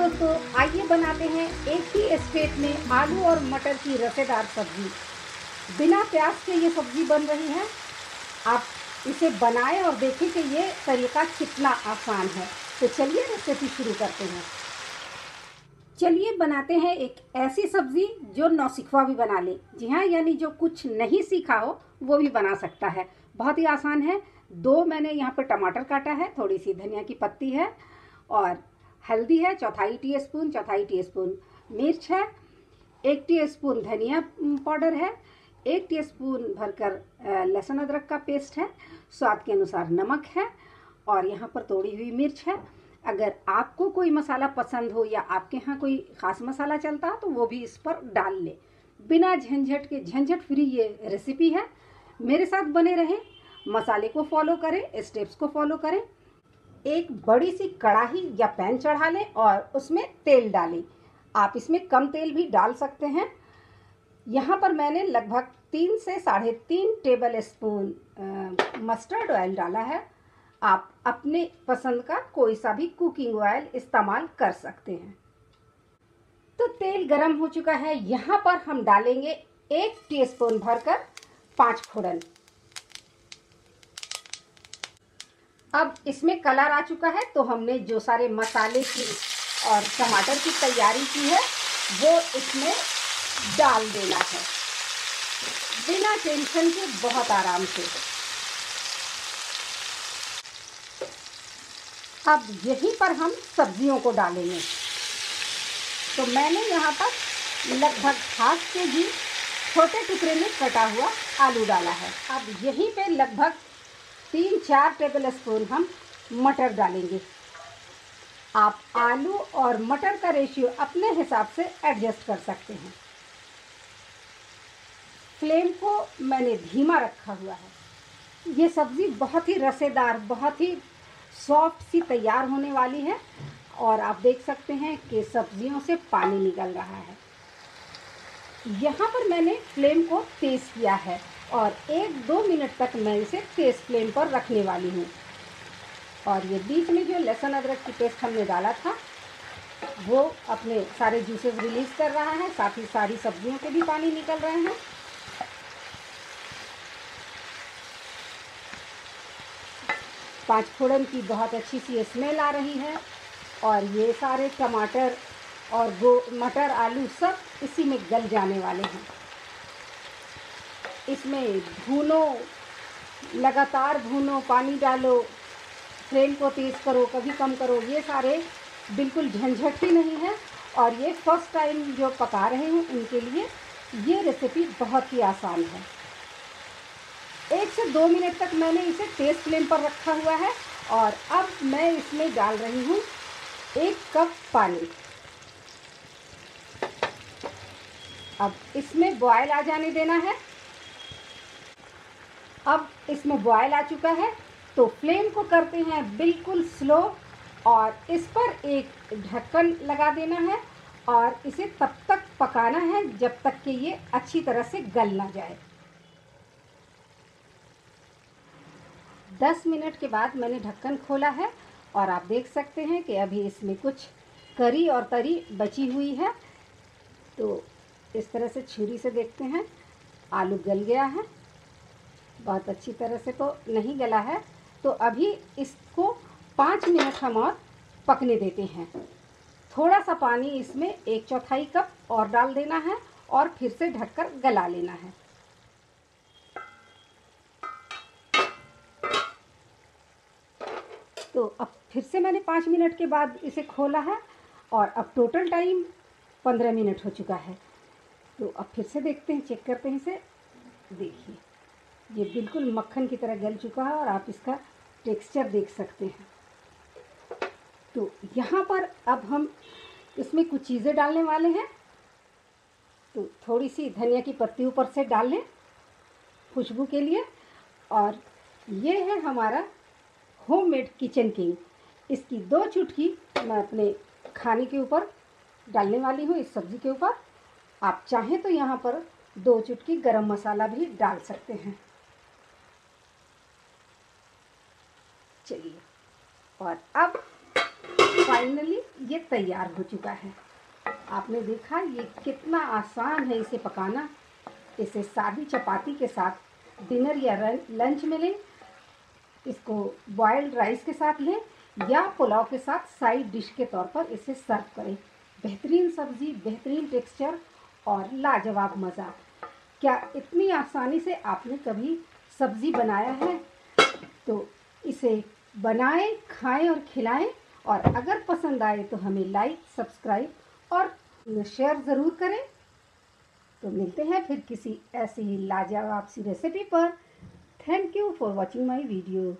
दोस्तों आइए बनाते हैं एक ही स्टेट में आलू और मटर की रसेदार सब्जी बिना प्याज के ये सब्जी बन रही है आप इसे बनाएं और देखें कि ये तरीका कितना आसान है तो चलिए रेसिपी शुरू करते हैं चलिए बनाते हैं एक ऐसी सब्जी जो नौसिखवा भी बना ले जी हाँ यानी जो कुछ नहीं सीखा हो वो भी बना सकता है बहुत ही आसान है दो मैंने यहाँ पर टमाटर काटा है थोड़ी सी धनिया की पत्ती है और हल्दी है चौथाई टी स्पून चौथाई टी स्पून मिर्च है एक टी स्पून धनिया पाउडर है एक टी स्पून भरकर लहसुन अदरक का पेस्ट है स्वाद के अनुसार नमक है और यहाँ पर तोड़ी हुई मिर्च है अगर आपको कोई मसाला पसंद हो या आपके यहाँ कोई ख़ास मसाला चलता तो वो भी इस पर डाल ले बिना झंझट के झंझट फ्री ये रेसिपी है मेरे साथ बने रहें मसाले को फॉलो करें स्टेप्स को फॉलो करें एक बड़ी सी कड़ाही या पैन चढ़ा लें और उसमें तेल डालें आप इसमें कम तेल भी डाल सकते हैं यहाँ पर मैंने लगभग तीन से साढ़े तीन टेबल स्पून मस्टर्ड ऑयल डाला है आप अपने पसंद का कोई सा भी कुकिंग ऑयल इस्तेमाल कर सकते हैं तो तेल गरम हो चुका है यहाँ पर हम डालेंगे एक टीस्पून भरकर पाँच फोड़न अब इसमें कलर आ चुका है तो हमने जो सारे मसाले की और टमाटर की तैयारी की है वो इसमें डाल देना है बिना टेंशन के बहुत आराम से अब यहीं पर हम सब्जियों को डालेंगे तो मैंने यहाँ पर लगभग हाफ के जी छोटे टुकड़े में कटा हुआ आलू डाला है अब यहीं पे लगभग तीन चार टेबल स्पून हम मटर डालेंगे आप आलू और मटर का रेशियो अपने हिसाब से एडजस्ट कर सकते हैं फ्लेम को मैंने धीमा रखा हुआ है ये सब्ज़ी बहुत ही रसेदार बहुत ही सॉफ्ट सी तैयार होने वाली है और आप देख सकते हैं कि सब्जियों से पानी निकल रहा है यहाँ पर मैंने फ्लेम को तेज़ किया है और एक दो मिनट तक मैं इसे तेज़ फ्लेम पर रखने वाली हूँ और ये बीच में जो लहसुन अदरक की पेस्ट हमने डाला था वो अपने सारे जूसेस रिलीज़ कर रहा है साथ ही सारी सब्जियों के भी पानी निकल रहे हैं पाँच फोड़न की बहुत अच्छी सी स्मेल आ रही है और ये सारे टमाटर और गो मटर आलू सब इसी में गल जाने वाले हैं इसमें भूनो लगातार भूनो पानी डालो फ्लेम को तेज़ करो कभी कम करो ये सारे बिल्कुल झंझट ही नहीं है और ये फर्स्ट टाइम जो पका रहे हैं उनके लिए ये रेसिपी बहुत ही आसान है एक से दो मिनट तक मैंने इसे तेज़ फ्लेम पर रखा हुआ है और अब मैं इसमें डाल रही हूँ एक कप पानी अब इसमें बॉयल आ जाने देना है अब इसमें बॉयल आ चुका है तो फ्लेम को करते हैं बिल्कुल स्लो और इस पर एक ढक्कन लगा देना है और इसे तब तक पकाना है जब तक कि ये अच्छी तरह से गल ना जाए 10 मिनट के बाद मैंने ढक्कन खोला है और आप देख सकते हैं कि अभी इसमें कुछ करी और तरी बची हुई है तो इस तरह से छुरी से देखते हैं आलू गल गया है बहुत अच्छी तरह से तो नहीं गला है तो अभी इसको पाँच मिनट हम और पकने देते हैं थोड़ा सा पानी इसमें एक चौथाई कप और डाल देना है और फिर से ढककर गला लेना है तो अब फिर से मैंने पाँच मिनट के बाद इसे खोला है और अब टोटल टाइम पंद्रह मिनट हो चुका है तो अब फिर से देखते हैं चेक करते हैं इसे देखिए ये बिल्कुल मक्खन की तरह गल चुका है और आप इसका टेक्सचर देख सकते हैं तो यहाँ पर अब हम इसमें कुछ चीज़ें डालने वाले हैं तो थोड़ी सी धनिया की पत्ती ऊपर से डाल लें खुशबू के लिए और ये है हमारा होममेड किचन किंग इसकी दो चुटकी मैं अपने खाने के ऊपर डालने वाली हूँ इस सब्ज़ी के ऊपर आप चाहें तो यहाँ पर दो चुटकी गरम मसाला भी डाल सकते हैं चलिए और अब फाइनली ये तैयार हो चुका है आपने देखा ये कितना आसान है इसे पकाना इसे सादी चपाती के साथ डिनर या लंच में लें इसको बॉयल्ड राइस के साथ लें या पुलाव के साथ साइड डिश के तौर पर इसे सर्व करें बेहतरीन सब्ज़ी बेहतरीन टेक्सचर और लाजवाब मज़ा क्या इतनी आसानी से आपने कभी सब्ज़ी बनाया है तो इसे बनाएं खाएं और खिलाएं और अगर पसंद आए तो हमें लाइक सब्सक्राइब और शेयर ज़रूर करें तो मिलते हैं फिर किसी ऐसी ही लाजवाब सी रेसिपी पर thank you for watching my video